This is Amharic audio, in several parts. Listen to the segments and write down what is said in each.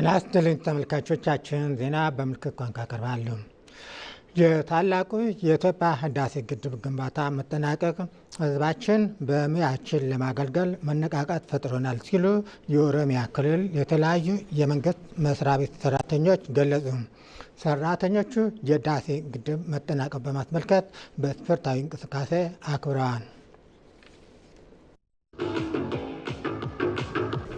ጤና ይስጥልኝ ተመልካቾቻችን፣ ዜና በምልክት ቋንቋ ቀርባለሁ። የታላቁ የኢትዮጵያ ህዳሴ ግድብ ግንባታ መጠናቀቅ ህዝባችን በሙያችን ለማገልገል መነቃቃት ፈጥሮናል ሲሉ የኦሮሚያ ክልል የተለያዩ የመንግስት መስሪያ ቤት ሰራተኞች ገለጹ። ሰራተኞቹ የህዳሴ ግድብ መጠናቀቅ በማስመልከት በስፖርታዊ እንቅስቃሴ አክብረዋል።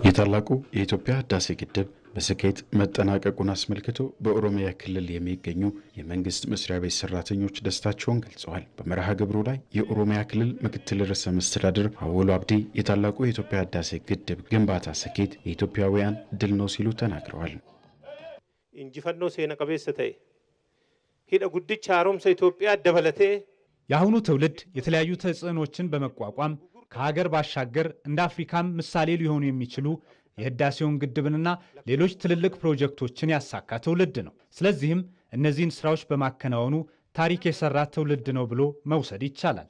የታላቁ የኢትዮጵያ ህዳሴ ግድብ በስኬት መጠናቀቁን አስመልክቶ በኦሮሚያ ክልል የሚገኙ የመንግስት መስሪያ ቤት ሰራተኞች ደስታቸውን ገልጸዋል። በመርሃ ግብሩ ላይ የኦሮሚያ ክልል ምክትል ርዕሰ መስተዳድር አወሎ አብዲ የታላቁ የኢትዮጵያ ህዳሴ ግድብ ግንባታ ስኬት የኢትዮጵያውያን ድል ነው ሲሉ ተናግረዋል። እንጂፈኖ ሴነ ቀቤሰ ተይ ሂደ ጉድቻ አሮምሰ ኢትዮጵያ ደበለቴ የአሁኑ ትውልድ የተለያዩ ተጽዕኖችን በመቋቋም ከሀገር ባሻገር እንደ አፍሪካም ምሳሌ ሊሆኑ የሚችሉ የህዳሴውን ግድብንና ሌሎች ትልልቅ ፕሮጀክቶችን ያሳካ ትውልድ ነው። ስለዚህም እነዚህን ስራዎች በማከናወኑ ታሪክ የሰራ ትውልድ ነው ብሎ መውሰድ ይቻላል።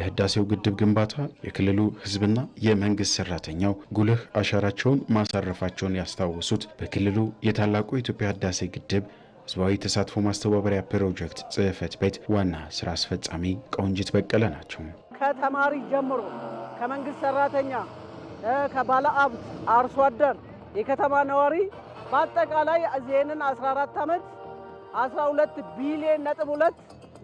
ለህዳሴው ግድብ ግንባታ የክልሉ ህዝብና የመንግስት ሰራተኛው ጉልህ አሻራቸውን ማሳረፋቸውን ያስታወሱት በክልሉ የታላቁ የኢትዮጵያ ህዳሴ ግድብ ህዝባዊ ተሳትፎ ማስተባበሪያ ፕሮጀክት ጽህፈት ቤት ዋና ስራ አስፈጻሚ ቀውንጅት በቀለ ናቸው። ከተማሪ ጀምሮ ከመንግስት ሰራተኛ ከባለ ሀብት አርሶ አደር፣ የከተማ ነዋሪ በአጠቃላይ ይህንን 14 ዓመት 12 ቢሊዮን ነጥብ ሁለት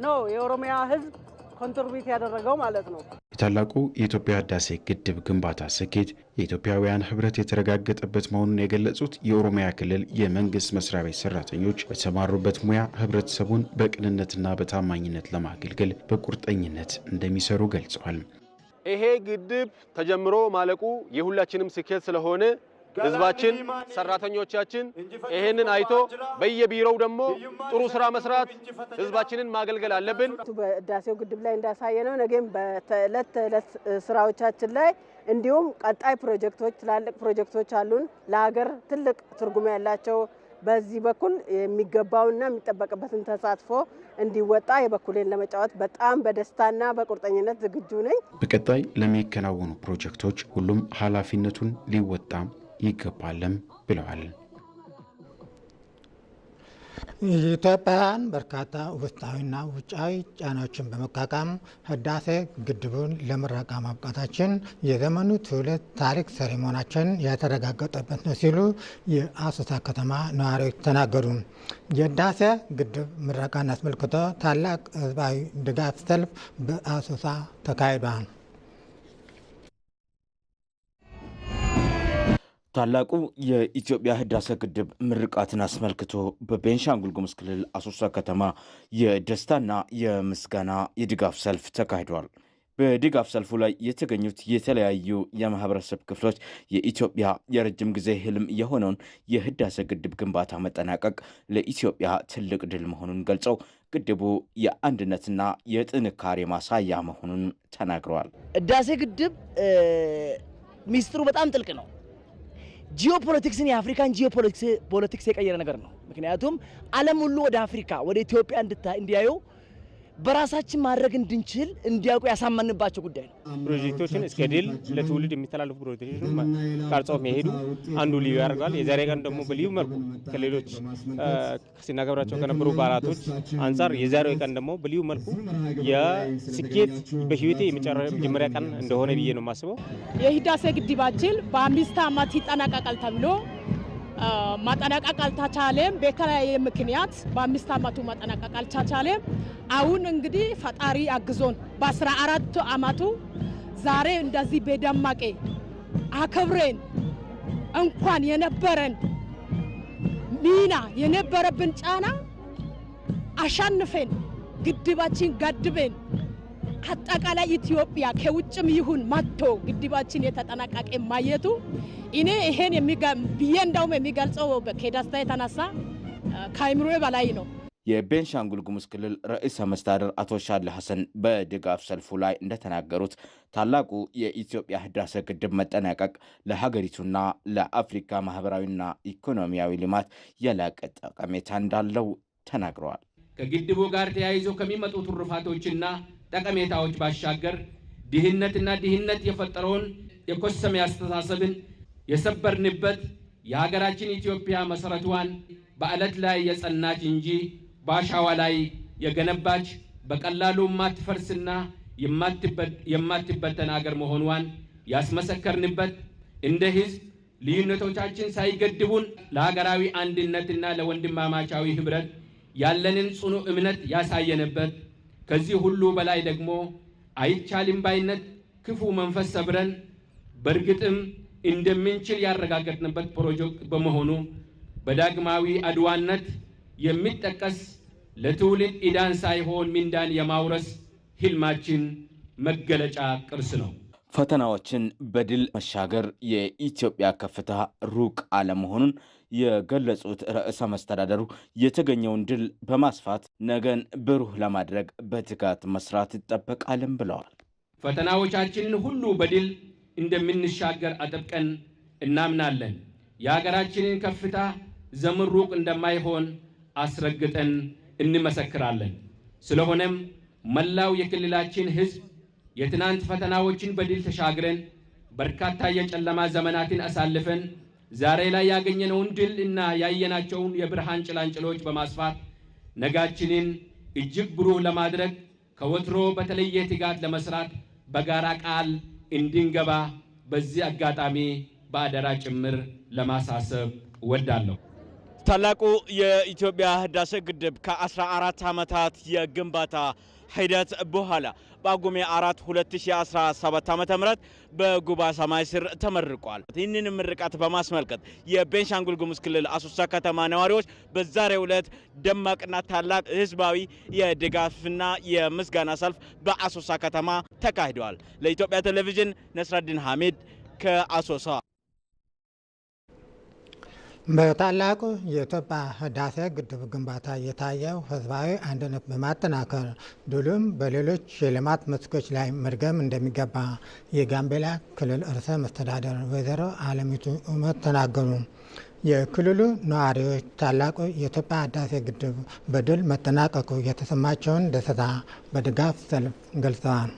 ነው የኦሮሚያ ህዝብ ኮንትሪቢዩት ያደረገው ማለት ነው። የታላቁ የኢትዮጵያ ህዳሴ ግድብ ግንባታ ስኬት የኢትዮጵያውያን ህብረት የተረጋገጠበት መሆኑን የገለጹት የኦሮሚያ ክልል የመንግስት መስሪያ ቤት ሰራተኞች በተሰማሩበት ሙያ ህብረተሰቡን በቅንነትና በታማኝነት ለማገልገል በቁርጠኝነት እንደሚሰሩ ገልጸዋል። ይሄ ግድብ ተጀምሮ ማለቁ የሁላችንም ስኬት ስለሆነ ህዝባችን፣ ሰራተኞቻችን ይሄንን አይቶ በየቢሮው ደግሞ ጥሩ ስራ መስራት፣ ህዝባችንን ማገልገል አለብን። በህዳሴው ግድብ ላይ እንዳሳየ ነው። ነገም በዕለት ተዕለት ስራዎቻችን ላይ እንዲሁም ቀጣይ ፕሮጀክቶች፣ ትላልቅ ፕሮጀክቶች አሉን ለሀገር ትልቅ ትርጉም ያላቸው በዚህ በኩል የሚገባውና የሚጠበቅበትን ተሳትፎ እንዲወጣ የበኩሌን ለመጫወት በጣም በደስታና በቁርጠኝነት ዝግጁ ነኝ። በቀጣይ ለሚከናወኑ ፕሮጀክቶች ሁሉም ኃላፊነቱን ሊወጣ ይገባልም ብለዋል። ኢትዮጵያውያን በርካታ ውስጣዊና ውጫዊ ጫናዎችን በመቋቋም ህዳሴ ግድቡን ለምረቃ ማብቃታችን የዘመኑ ትውልድ ታሪክ ሰሪ መሆናችን ያተረጋገጠበት ነው ሲሉ የአሶሳ ከተማ ነዋሪዎች ተናገሩ። የህዳሴ ግድብ ምረቃን አስመልክቶ ታላቅ ህዝባዊ ድጋፍ ሰልፍ በአሶሳ ተካሂዷል። ታላቁ የኢትዮጵያ ህዳሴ ግድብ ምርቃትን አስመልክቶ በቤንሻንጉል ጉሙዝ ክልል አሶሳ ከተማ የደስታና የምስጋና የድጋፍ ሰልፍ ተካሂዷል። በድጋፍ ሰልፉ ላይ የተገኙት የተለያዩ የማህበረሰብ ክፍሎች የኢትዮጵያ የረጅም ጊዜ ህልም የሆነውን የህዳሴ ግድብ ግንባታ መጠናቀቅ ለኢትዮጵያ ትልቅ ድል መሆኑን ገልጸው ግድቡ የአንድነትና የጥንካሬ ማሳያ መሆኑን ተናግረዋል። ህዳሴ ግድብ ሚስጥሩ በጣም ጥልቅ ነው። ጂኦፖለቲክስን የአፍሪካን ጂኦፖለቲክስ የቀየረ ነገር ነው። ምክንያቱም ዓለም ሁሉ ወደ አፍሪካ ወደ ኢትዮጵያ እንዲያዩ በራሳችን ማድረግ እንድንችል እንዲያውቁ ያሳመንባቸው ጉዳይ ነው። ፕሮጀክቶችን እስከ ድል ለትውልድ የሚተላለፉ ፕሮጀክቶችን ቀርጸው መሄዱ አንዱ ልዩ ያደርገዋል። የዛሬ ቀን ደግሞ በልዩ መልኩ ከሌሎች ሲናገብራቸው ከነበሩ በዓላቶች አንጻር የዛሬ ቀን ደግሞ በልዩ መልኩ የስኬት በህይወቴ የመጀመሪያ ቀን እንደሆነ ብዬ ነው የማስበው። የህዳሴ ግድባችን በአምስት ዓመት ይጠናቀቃል ተብሎ ማጠናቀቅ አልተቻለም። በተለያየ ምክንያት በአምስት አመቱ ማጠናቀቅ አልተቻለም። አሁን እንግዲህ ፈጣሪ አግዞን በአስራ አራቱ አመቱ ዛሬ እንደዚህ በደማቄ አክብሬን እንኳን የነበረን ሚና የነበረብን ጫና አሻንፈን ግድባችን ገድቤን አጠቃላይ ኢትዮጵያ ከውጭም ይሁን መጥቶ ግድባችን የተጠናቀቀ ማየቱ እኔ ይሄን ብዬ እንዳውም የሚገልጸው ከደስታ የተነሳ ከአእምሮ በላይ ነው። የቤንሻንጉል ጉሙዝ ክልል ርዕሰ መስተዳደር አቶ ሻለ ሐሰን በድጋፍ ሰልፉ ላይ እንደተናገሩት ታላቁ የኢትዮጵያ ህዳሴ ግድብ መጠናቀቅ ለሀገሪቱና ለአፍሪካ ማህበራዊና ኢኮኖሚያዊ ልማት የላቀ ጠቀሜታ እንዳለው ተናግረዋል። ከግድቡ ጋር ተያይዞ ከሚመጡ ትሩፋቶችና ጠቀሜታዎች ባሻገር ድህነትና ድህነት የፈጠረውን የኮሰመ አስተሳሰብን የሰበርንበት የሀገራችን ኢትዮጵያ መሰረቷን በዓለት ላይ የጸናች እንጂ በአሻዋ ላይ የገነባች በቀላሉ የማትፈርስና የማትበተን አገር መሆኗን ያስመሰከርንበት እንደ ህዝብ ልዩነቶቻችን ሳይገድቡን ለሀገራዊ አንድነትና ለወንድማማቻዊ ህብረት ያለንን ጽኑ እምነት ያሳየንበት ከዚህ ሁሉ በላይ ደግሞ አይቻልም ባይነት ክፉ መንፈስ ሰብረን በእርግጥም እንደምንችል ያረጋገጥንበት ፕሮጀክት በመሆኑ በዳግማዊ አድዋነት የሚጠቀስ ለትውልድ ኢዳን ሳይሆን ሚንዳን የማውረስ ህልማችን መገለጫ ቅርስ ነው። ፈተናዎችን በድል መሻገር የኢትዮጵያ ከፍታ ሩቅ አለመሆኑን የገለጹት ርዕሰ መስተዳደሩ የተገኘውን ድል በማስፋት ነገን ብሩህ ለማድረግ በትጋት መስራት ይጠበቃልም ብለዋል። ፈተናዎቻችንን ሁሉ በድል እንደምንሻገር አጥብቀን እናምናለን። የሀገራችንን ከፍታ ዘመን ሩቅ እንደማይሆን አስረግጠን እንመሰክራለን። ስለሆነም መላው የክልላችን ሕዝብ የትናንት ፈተናዎችን በድል ተሻግረን በርካታ የጨለማ ዘመናትን አሳልፈን ዛሬ ላይ ያገኘነውን ድል እና ያየናቸውን የብርሃን ጭላንጭሎች በማስፋት ነጋችንን እጅግ ብሩህ ለማድረግ ከወትሮ በተለየ ትጋት ለመስራት በጋራ ቃል እንድንገባ በዚህ አጋጣሚ በአደራ ጭምር ለማሳሰብ እወዳለሁ። ታላቁ የኢትዮጵያ ህዳሴ ግድብ ከ14 ዓመታት የግንባታ ሂደት በኋላ ጳጉሜ 4 2017 ዓ ም በጉባ ሰማይ ስር ተመርቋል። ይህንን ምርቃት በማስመልከት የቤንሻንጉል ጉሙዝ ክልል አሶሳ ከተማ ነዋሪዎች በዛሬው ዕለት ደማቅና ታላቅ ህዝባዊ የድጋፍና የምስጋና ሰልፍ በአሶሳ ከተማ ተካሂደዋል። ለኢትዮጵያ ቴሌቪዥን ነስራዲን ሐሚድ ከአሶሳ በታላቁ የኢትዮጵያ ህዳሴ ግድብ ግንባታ የታየው ህዝባዊ አንድነት በማጠናከር ድሉም በሌሎች የልማት መስኮች ላይ መድገም እንደሚገባ የጋምቤላ ክልል ርዕሰ መስተዳደር ወይዘሮ አለሚቱ ኡመት ተናገሩ። የክልሉ ነዋሪዎች ታላቁ የኢትዮጵያ ህዳሴ ግድብ በድል መጠናቀቁ የተሰማቸውን ደስታ በድጋፍ ሰልፍ ገልጸዋል።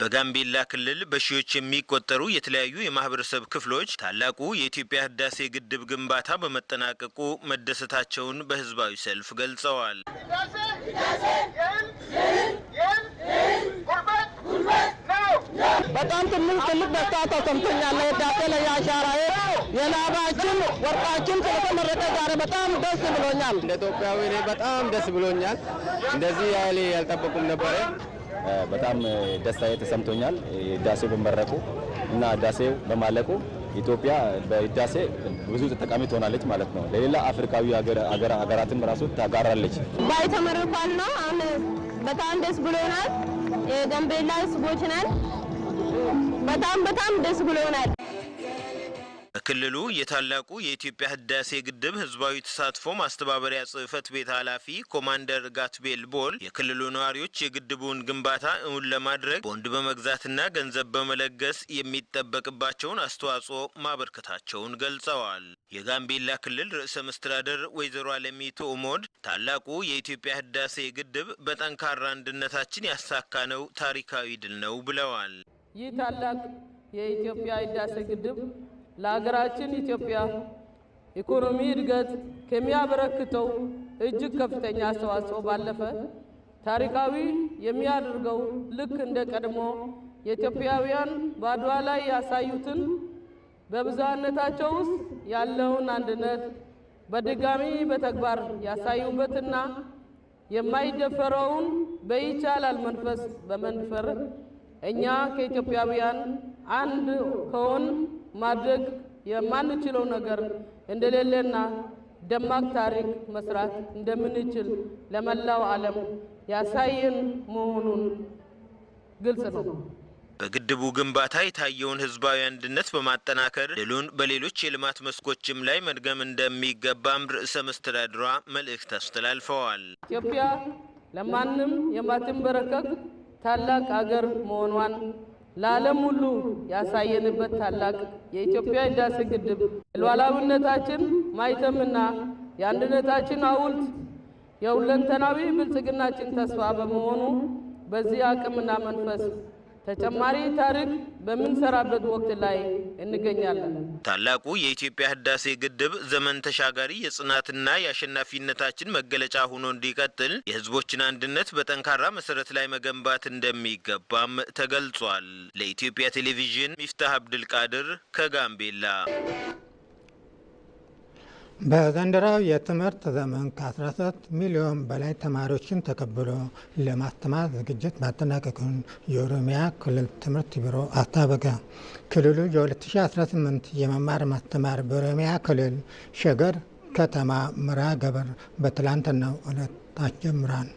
በጋምቤላ ክልል በሺዎች የሚቆጠሩ የተለያዩ የማህበረሰብ ክፍሎች ታላቁ የኢትዮጵያ ህዳሴ ግድብ ግንባታ በመጠናቀቁ መደሰታቸውን በህዝባዊ ሰልፍ ገልጸዋል። በጣም ትልቅ ትልቅ ደስታ ተሰምቶኛል። ለህዳሴ ለየአሻራዬ የላባችን ወርቃችን ስለተመረቀ ዛሬ በጣም ደስ ብሎኛል። እንደ ኢትዮጵያዊ በጣም ደስ ብሎኛል። እንደዚህ ያህል ያልጠበቁም ነበረ። በጣም ደስታዬ ተሰምቶኛል። ህዳሴው በመረቁ እና ህዳሴው በማለቁ ኢትዮጵያ በህዳሴ ብዙ ተጠቃሚ ትሆናለች ማለት ነው። ለሌላ አፍሪካዊ ሀገራትም ራሱ ታጋራለች። ባይተመረቋል ነው አሁን በጣም ደስ ብሎናል። የጋምቤላ ህዝቦች ነን። በጣም በጣም ደስ ብሎናል። በክልሉ የታላቁ የኢትዮጵያ ህዳሴ ግድብ ህዝባዊ ተሳትፎ ማስተባበሪያ ጽህፈት ቤት ኃላፊ ኮማንደር ጋትቤል ቦል የክልሉ ነዋሪዎች የግድቡን ግንባታ እውን ለማድረግ ቦንድ በመግዛትና ገንዘብ በመለገስ የሚጠበቅባቸውን አስተዋጽኦ ማበርከታቸውን ገልጸዋል። የጋምቤላ ክልል ርዕሰ መስተዳደር ወይዘሮ አለሚ ሞድ ታላቁ የኢትዮጵያ ህዳሴ ግድብ በጠንካራ አንድነታችን ያሳካነው ታሪካዊ ድል ነው ብለዋል። ይህ ታላቅ የኢትዮጵያ ህዳሴ ግድብ ለሀገራችን ኢትዮጵያ ኢኮኖሚ እድገት ከሚያበረክተው እጅግ ከፍተኛ አስተዋጽኦ ባለፈ ታሪካዊ የሚያደርገው ልክ እንደ ቀድሞ የኢትዮጵያውያን በአድዋ ላይ ያሳዩትን በብዝሃነታቸው ውስጥ ያለውን አንድነት በድጋሚ በተግባር ያሳዩበትና የማይደፈረውን በይቻላል መንፈስ በመንፈር እኛ ከኢትዮጵያውያን አንድ ከሆን ማድረግ የማንችለው ነገር እንደሌለና ደማቅ ታሪክ መስራት እንደምንችል ለመላው ዓለም ያሳየን መሆኑን ግልጽ ነው። በግድቡ ግንባታ የታየውን ህዝባዊ አንድነት በማጠናከር ድሉን በሌሎች የልማት መስኮችም ላይ መድገም እንደሚገባም ርዕሰ መስተዳድሯ መልእክት አስተላልፈዋል። ኢትዮጵያ ለማንም የማትንበረከክ ታላቅ አገር መሆኗን ለዓለም ሁሉ ያሳየንበት ታላቅ የኢትዮጵያ ህዳሴ ግድብ የሉዓላዊነታችን ማይተምና የአንድነታችን ሐውልት የሁለንተናዊ ብልጽግናችን ተስፋ በመሆኑ በዚህ አቅምና መንፈስ ተጨማሪ ታሪክ በምንሰራበት ወቅት ላይ እንገኛለን። ታላቁ የኢትዮጵያ ህዳሴ ግድብ ዘመን ተሻጋሪ የጽናትና የአሸናፊነታችን መገለጫ ሆኖ እንዲቀጥል የህዝቦችን አንድነት በጠንካራ መሰረት ላይ መገንባት እንደሚገባም ተገልጿል። ለኢትዮጵያ ቴሌቪዥን ሚፍታህ አብድልቃድር ከጋምቤላ በዘንድሮው የትምህርት ዘመን ከ 13 ሚሊዮን በላይ ተማሪዎችን ተቀብሎ ለማስተማር ዝግጅት ማጠናቀቁን የኦሮሚያ ክልል ትምህርት ቢሮ አስታወቀ። ክልሉ የ2018 የመማር ማስተማር በኦሮሚያ ክልል ሸገር ከተማ መርሃ ግብር በትላንትናው ዕለት አስጀምሯል።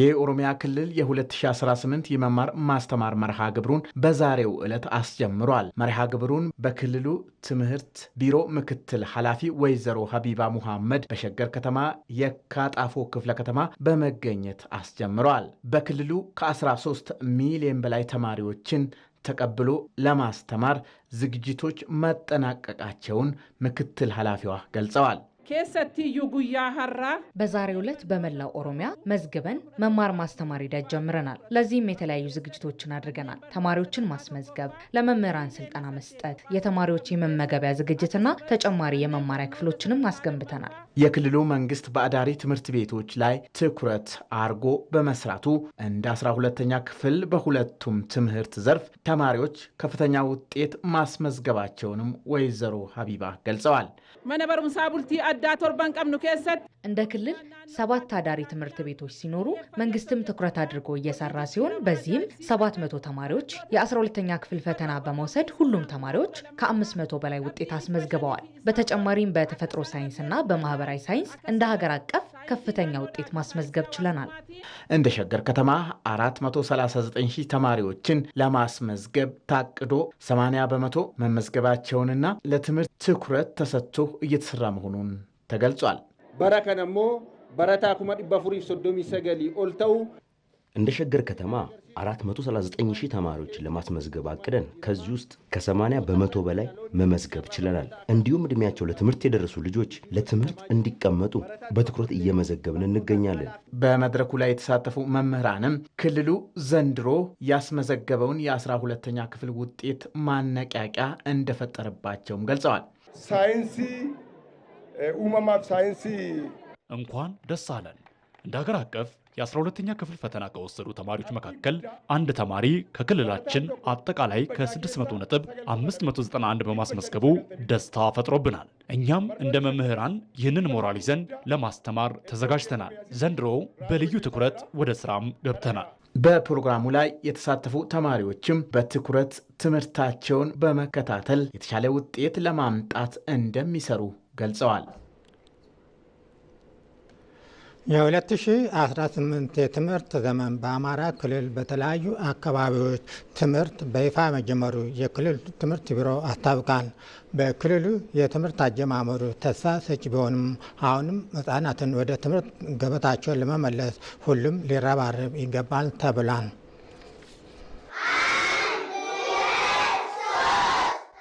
የኦሮሚያ ክልል የ2018 የመማር ማስተማር መርሃ ግብሩን በዛሬው ዕለት አስጀምሯል። መርሃ ግብሩን በክልሉ ትምህርት ቢሮ ምክትል ኃላፊ ወይዘሮ ሀቢባ ሙሐመድ በሸገር ከተማ የካጣፎ ክፍለ ከተማ በመገኘት አስጀምሯል። በክልሉ ከ13 ሚሊዮን በላይ ተማሪዎችን ተቀብሎ ለማስተማር ዝግጅቶች መጠናቀቃቸውን ምክትል ኃላፊዋ ገልጸዋል። ኬሰቲ ዩጉያ ሀራ በዛሬው ዕለት በመላው ኦሮሚያ መዝግበን መማር ማስተማር ሂደት ጀምረናል። ለዚህም የተለያዩ ዝግጅቶችን አድርገናል። ተማሪዎችን ማስመዝገብ፣ ለመምህራን ስልጠና መስጠት፣ የተማሪዎች የመመገቢያ ዝግጅትና ተጨማሪ የመማሪያ ክፍሎችንም አስገንብተናል። የክልሉ መንግስት በአዳሪ ትምህርት ቤቶች ላይ ትኩረት አርጎ በመስራቱ እንደ 12ተኛ ክፍል በሁለቱም ትምህርት ዘርፍ ተማሪዎች ከፍተኛ ውጤት ማስመዝገባቸውንም ወይዘሮ ሀቢባ ገልጸዋል። መነበሩም ሳቡልቲ ረዳ እንደ ክልል ሰባት አዳሪ ትምህርት ቤቶች ሲኖሩ መንግስትም ትኩረት አድርጎ እየሰራ ሲሆን በዚህም 700 ተማሪዎች የ12ተኛ ክፍል ፈተና በመውሰድ ሁሉም ተማሪዎች ከ500 በላይ ውጤት አስመዝግበዋል። በተጨማሪም በተፈጥሮ ሳይንስና በማህበራዊ ሳይንስ እንደ ሀገር አቀፍ ከፍተኛ ውጤት ማስመዝገብ ችለናል። እንደ ሸገር ከተማ 439 ተማሪዎችን ለማስመዝገብ ታቅዶ 80 በመቶ መመዝገባቸውንና ለትምህርት ትኩረት ተሰጥቶ እየተሰራ መሆኑን ተገልጿል። በረከ በረታ ኩመ ዲባ ሶዶሚ ሰገሊ ኦልተው እንደ ሸገር ከተማ 439 ሺህ ተማሪዎችን ለማስመዝገብ አቅደን ከዚህ ውስጥ ከ80 በመቶ በላይ መመዝገብ ችለናል። እንዲሁም እድሜያቸው ለትምህርት የደረሱ ልጆች ለትምህርት እንዲቀመጡ በትኩረት እየመዘገብን እንገኛለን። በመድረኩ ላይ የተሳተፉ መምህራንም ክልሉ ዘንድሮ ያስመዘገበውን የአስራ ሁለተኛ ክፍል ውጤት ማነቃቂያ እንደፈጠረባቸውም ገልጸዋል። ሳይንሲ ኡመማፍ ሳይንሲ እንኳን ደስ አለን እንደ ሀገር አቀፍ የ12ኛ ክፍል ፈተና ከወሰዱ ተማሪዎች መካከል አንድ ተማሪ ከክልላችን አጠቃላይ ከ600 ነጥብ 591 በማስመዝገቡ ደስታ ፈጥሮብናል። እኛም እንደ መምህራን ይህንን ሞራል ይዘን ለማስተማር ተዘጋጅተናል። ዘንድሮ በልዩ ትኩረት ወደ ስራም ገብተናል። በፕሮግራሙ ላይ የተሳተፉ ተማሪዎችም በትኩረት ትምህርታቸውን በመከታተል የተሻለ ውጤት ለማምጣት እንደሚሰሩ ገልጸዋል። የ2018 የትምህርት ዘመን በአማራ ክልል በተለያዩ አካባቢዎች ትምህርት በይፋ መጀመሩ የክልል ትምህርት ቢሮ አስታውቃል። በክልሉ የትምህርት አጀማመሩ ተስፋ ሰጪ ቢሆንም አሁንም ሕጻናትን ወደ ትምህርት ገበታቸው ለመመለስ ሁሉም ሊረባረብ ይገባል ተብሏል።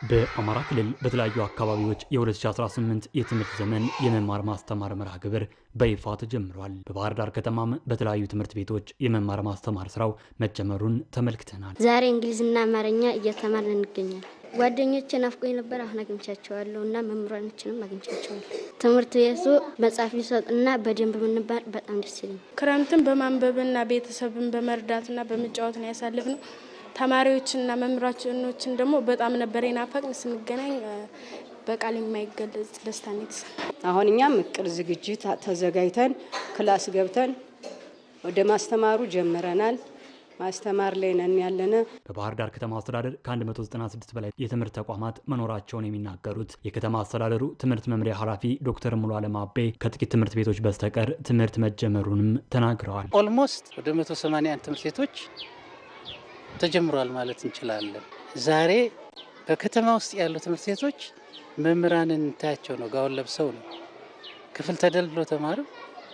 በአማራ ክልል በተለያዩ አካባቢዎች የ2018 የትምህርት ዘመን የመማር ማስተማር መርሃ ግብር በይፋ ተጀምሯል። በባህር ዳር ከተማም በተለያዩ ትምህርት ቤቶች የመማር ማስተማር ስራው መጀመሩን ተመልክተናል። ዛሬ እንግሊዝና አማርኛ እየተማር እንገኛል። ጓደኞቼ ናፍቆኝ ነበር፣ አሁን አግኝቻቸዋለሁ እና መምህራኖችንም አግኝቻቸዋለሁ። ትምህርት ቤቱ መጽሐፍ ቢሰጥና በደንብ ብንባል በጣም ደስ ይለኛል። ክረምትን በማንበብና ቤተሰብን በመርዳትና በመጫወት ነው ነው ተማሪዎችና መምህራኖችን ደግሞ በጣም ነበር የናፈቅን። ስንገናኝ በቃል የማይገለጽ ደስታ ነው የተሰማን። አሁን እኛም እቅድ ዝግጅት ተዘጋጅተን ክላስ ገብተን ወደ ማስተማሩ ጀምረናል። ማስተማር ላይ ነን ያለነ። በባህር ዳር ከተማ አስተዳደር ከ196 በላይ የትምህርት ተቋማት መኖራቸውን የሚናገሩት የከተማ አስተዳደሩ ትምህርት መምሪያ ኃላፊ ዶክተር ሙሉ አለም አቤ ከጥቂት ትምህርት ቤቶች በስተቀር ትምህርት መጀመሩንም ተናግረዋል። ኦልሞስት ወደ 181 ትምህርት ቤቶች ተጀምሯል ማለት እንችላለን። ዛሬ በከተማ ውስጥ ያሉ ትምህርት ቤቶች መምህራንን እንታያቸው ነው፣ ጋውን ለብሰው ነው። ክፍል ተደልድሎ ተማሪው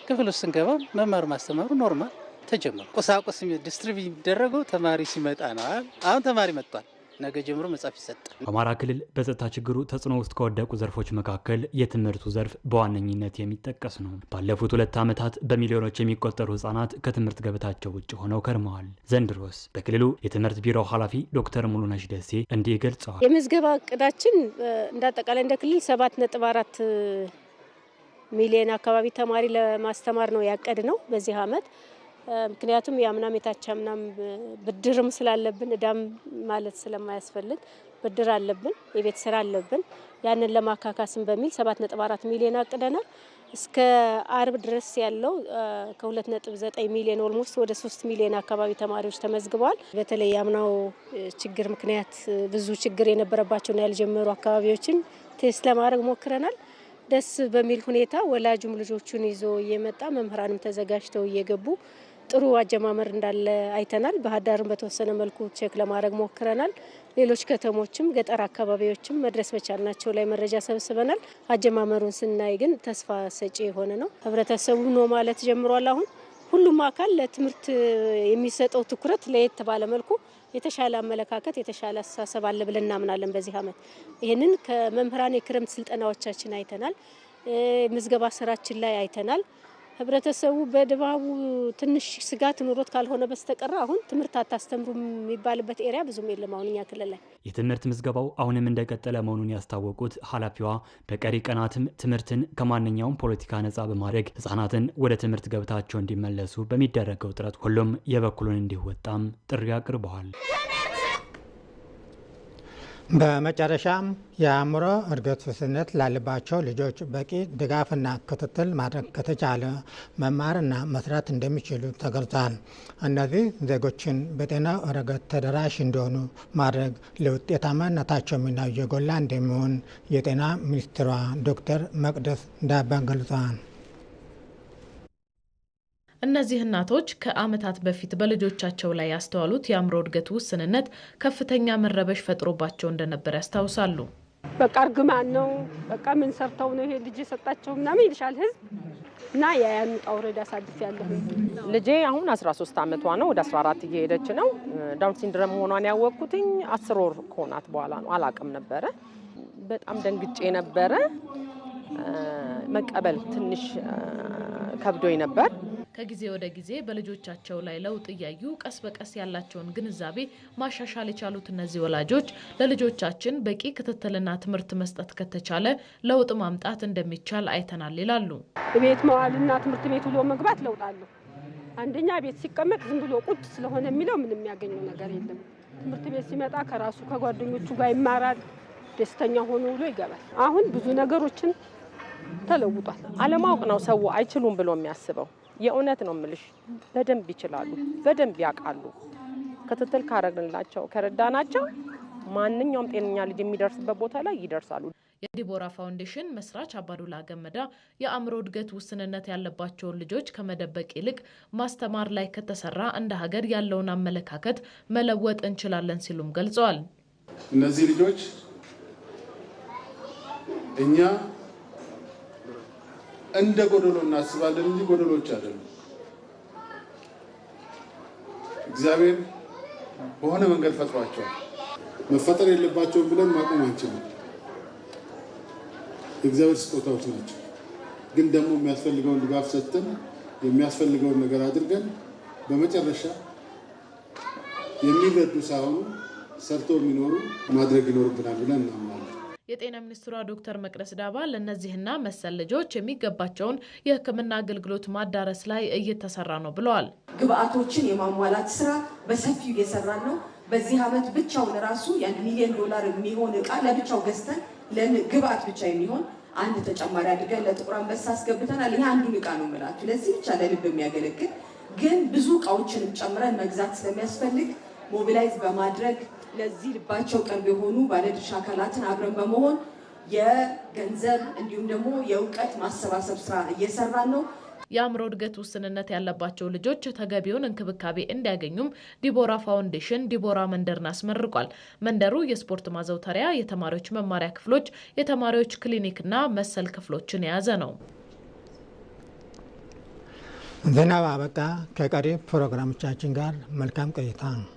ክፍል ውስጥ ስንገባ መማር ማስተማሩ ኖርማል ተጀምሯል። ቁሳቁስ ዲስትሪብ የሚደረገው ተማሪ ሲመጣ ነው። አሁን ተማሪ መጥቷል። ነገ ጀምሮ መጽሐፍ ይሰጣል። በአማራ ክልል በጸጥታ ችግሩ ተጽዕኖ ውስጥ ከወደቁ ዘርፎች መካከል የትምህርቱ ዘርፍ በዋነኝነት የሚጠቀስ ነው። ባለፉት ሁለት ዓመታት በሚሊዮኖች የሚቆጠሩ ህጻናት ከትምህርት ገበታቸው ውጭ ሆነው ከርመዋል። ዘንድሮስ በክልሉ የትምህርት ቢሮ ኃላፊ ዶክተር ሙሉነሽ ደሴ እንዲህ ገልጸዋል። የምዝገባ እቅዳችን እንዳጠቃላይ እንደ ክልል ሰባት ነጥብ አራት ሚሊዮን አካባቢ ተማሪ ለማስተማር ነው ያቀድ ነው በዚህ ዓመት ምክንያቱም የአምናም የታች አምናም ብድርም ስላለብን እዳም ማለት ስለማያስፈልግ ብድር አለብን፣ የቤት ስራ አለብን። ያንን ለማካካስም በሚል 7.4 ሚሊዮን አቅደናል። እስከ አርብ ድረስ ያለው ከ2.9 ሚሊዮን ኦልሞስት ወደ 3 ሚሊዮን አካባቢ ተማሪዎች ተመዝግበዋል። በተለይ አምናው ችግር ምክንያት ብዙ ችግር የነበረባቸውና ያልጀመሩ አካባቢዎችን ቴስት ለማድረግ ሞክረናል። ደስ በሚል ሁኔታ ወላጁም ልጆቹን ይዞ እየመጣ መምህራንም ተዘጋጅተው እየገቡ ጥሩ አጀማመር እንዳለ አይተናል። ባህር ዳርን በተወሰነ መልኩ ቼክ ለማድረግ ሞክረናል። ሌሎች ከተሞችም ገጠር አካባቢዎችም መድረስ በቻልናቸው ላይ መረጃ ሰብስበናል። አጀማመሩን ስናይ ግን ተስፋ ሰጪ የሆነ ነው። ህብረተሰቡ ኖ ማለት ጀምሯል። አሁን ሁሉም አካል ለትምህርት የሚሰጠው ትኩረት ለየት ባለ መልኩ የተሻለ አመለካከት የተሻለ አስተሳሰብ አለ ብለን እናምናለን። በዚህ አመት ይህንን ከመምህራን የክረምት ስልጠናዎቻችን አይተናል። ምዝገባ ስራችን ላይ አይተናል። ህብረተሰቡ በድባቡ ትንሽ ስጋት ኑሮት ካልሆነ በስተቀረ አሁን ትምህርት አታስተምሩ የሚባልበት ኤሪያ ብዙም የለም። አሁን እኛ ክልል ላይ የትምህርት ምዝገባው አሁንም እንደቀጠለ መሆኑን ያስታወቁት ኃላፊዋ በቀሪ ቀናትም ትምህርትን ከማንኛውም ፖለቲካ ነጻ በማድረግ ህጻናትን ወደ ትምህርት ገብታቸው እንዲመለሱ በሚደረገው ጥረት ሁሉም የበኩሉን እንዲወጣም ጥሪ አቅርበዋል። በመጨረሻም የአእምሮ እድገት ውስንነት ላለባቸው ልጆች በቂ ድጋፍና ክትትል ማድረግ ከተቻለ መማርና መስራት እንደሚችሉ ተገልጿል። እነዚህ ዜጎችን በጤና ረገድ ተደራሽ እንደሆኑ ማድረግ ለውጤታማነታቸው ሚና የጎላ እንደሚሆን የጤና ሚኒስትሯ ዶክተር መቅደስ ዳባ ገልጸዋል። እነዚህ እናቶች ከዓመታት በፊት በልጆቻቸው ላይ ያስተዋሉት የአእምሮ እድገት ውስንነት ከፍተኛ መረበሽ ፈጥሮባቸው እንደነበር ያስታውሳሉ። በቃ እርግማን ነው፣ በቃ ምን ሰርተው ነው ይሄ ልጅ የሰጣቸው ምናምን ይልሻል ህዝብ እና የያን ውጣ አሳልፍ ያለሁ ልጄ አሁን 13 ዓመቷ ነው። ወደ 14 እየሄደች ነው። ዳውን ሲንድረም መሆኗን ያወቅኩትኝ አስር ወር ከሆናት በኋላ ነው። አላቅም ነበረ። በጣም ደንግጬ ነበረ። መቀበል ትንሽ ከብዶኝ ነበር። ከጊዜ ወደ ጊዜ በልጆቻቸው ላይ ለውጥ እያዩ ቀስ በቀስ ያላቸውን ግንዛቤ ማሻሻል የቻሉት እነዚህ ወላጆች ለልጆቻችን በቂ ክትትልና ትምህርት መስጠት ከተቻለ ለውጥ ማምጣት እንደሚቻል አይተናል ይላሉ። ቤት መዋልና ትምህርት ቤት ውሎ መግባት ለውጥ አለው። አንደኛ ቤት ሲቀመጥ ዝም ብሎ ቁጭ ስለሆነ የሚለው ምንም የሚያገኘው ነገር የለም። ትምህርት ቤት ሲመጣ ከራሱ ከጓደኞቹ ጋር ይማራል። ደስተኛ ሆኖ ውሎ ይገባል። አሁን ብዙ ነገሮችን ተለውጧል። አለማወቅ ነው ሰው አይችሉም ብሎ የሚያስበው የእውነት ነው ምልሽ፣ በደንብ ይችላሉ፣ በደንብ ያውቃሉ። ክትትል ካረግንላቸው ከረዳናቸው ማንኛውም ጤነኛ ልጅ የሚደርስበት ቦታ ላይ ይደርሳሉ። የዲቦራ ፋውንዴሽን መስራች አባዱላ ገመዳ የአእምሮ እድገት ውስንነት ያለባቸውን ልጆች ከመደበቅ ይልቅ ማስተማር ላይ ከተሰራ እንደ ሀገር ያለውን አመለካከት መለወጥ እንችላለን ሲሉም ገልጸዋል። እነዚህ ልጆች እኛ እንደ ጎደሎ እናስባለን እንጂ ጎደሎች አይደሉ። እግዚአብሔር በሆነ መንገድ ፈጥሯቸዋል። መፈጠር የለባቸውም ብለን ማቆም አንችልም። የእግዚአብሔር ስጦታዎች ናቸው። ግን ደግሞ የሚያስፈልገውን ድጋፍ ሰጥተን የሚያስፈልገውን ነገር አድርገን በመጨረሻ የሚረዱ ሳይሆኑ ሰርተው የሚኖሩ ማድረግ ይኖርብናል ብለን እናምናለን። የጤና ሚኒስትሯ ዶክተር መቅደስ ዳባ ለእነዚህና መሰል ልጆች የሚገባቸውን የሕክምና አገልግሎት ማዳረስ ላይ እየተሰራ ነው ብለዋል። ግብአቶችን የማሟላት ስራ በሰፊው እየሰራን ነው። በዚህ ዓመት ብቻውን ራሱ የአንድ ሚሊዮን ዶላር የሚሆን እቃ ለብቻው ገዝተን ለግብአት ብቻ የሚሆን አንድ ተጨማሪ አድርገን ለጥቁር አንበሳ አስገብተናል። ይህ አንዱን እቃ ነው የምላችሁ። ለዚህ ብቻ ለልብ የሚያገለግል ግን ብዙ እቃዎችንም ጨምረን መግዛት ስለሚያስፈልግ ሞቢላይዝ በማድረግ ለዚህ ልባቸው ቅርብ የሆኑ ባለድርሻ አካላትን አብረን በመሆን የገንዘብ እንዲሁም ደግሞ የእውቀት ማሰባሰብ ስራ እየሰራን ነው። የአእምሮ እድገት ውስንነት ያለባቸው ልጆች ተገቢውን እንክብካቤ እንዲያገኙም ዲቦራ ፋውንዴሽን ዲቦራ መንደርን አስመርቋል። መንደሩ የስፖርት ማዘውተሪያ፣ የተማሪዎች መማሪያ ክፍሎች፣ የተማሪዎች ክሊኒክና መሰል ክፍሎችን የያዘ ነው። ዜናው አበቃ። ከቀሪ ፕሮግራሞቻችን ጋር መልካም ቆይታ ነው።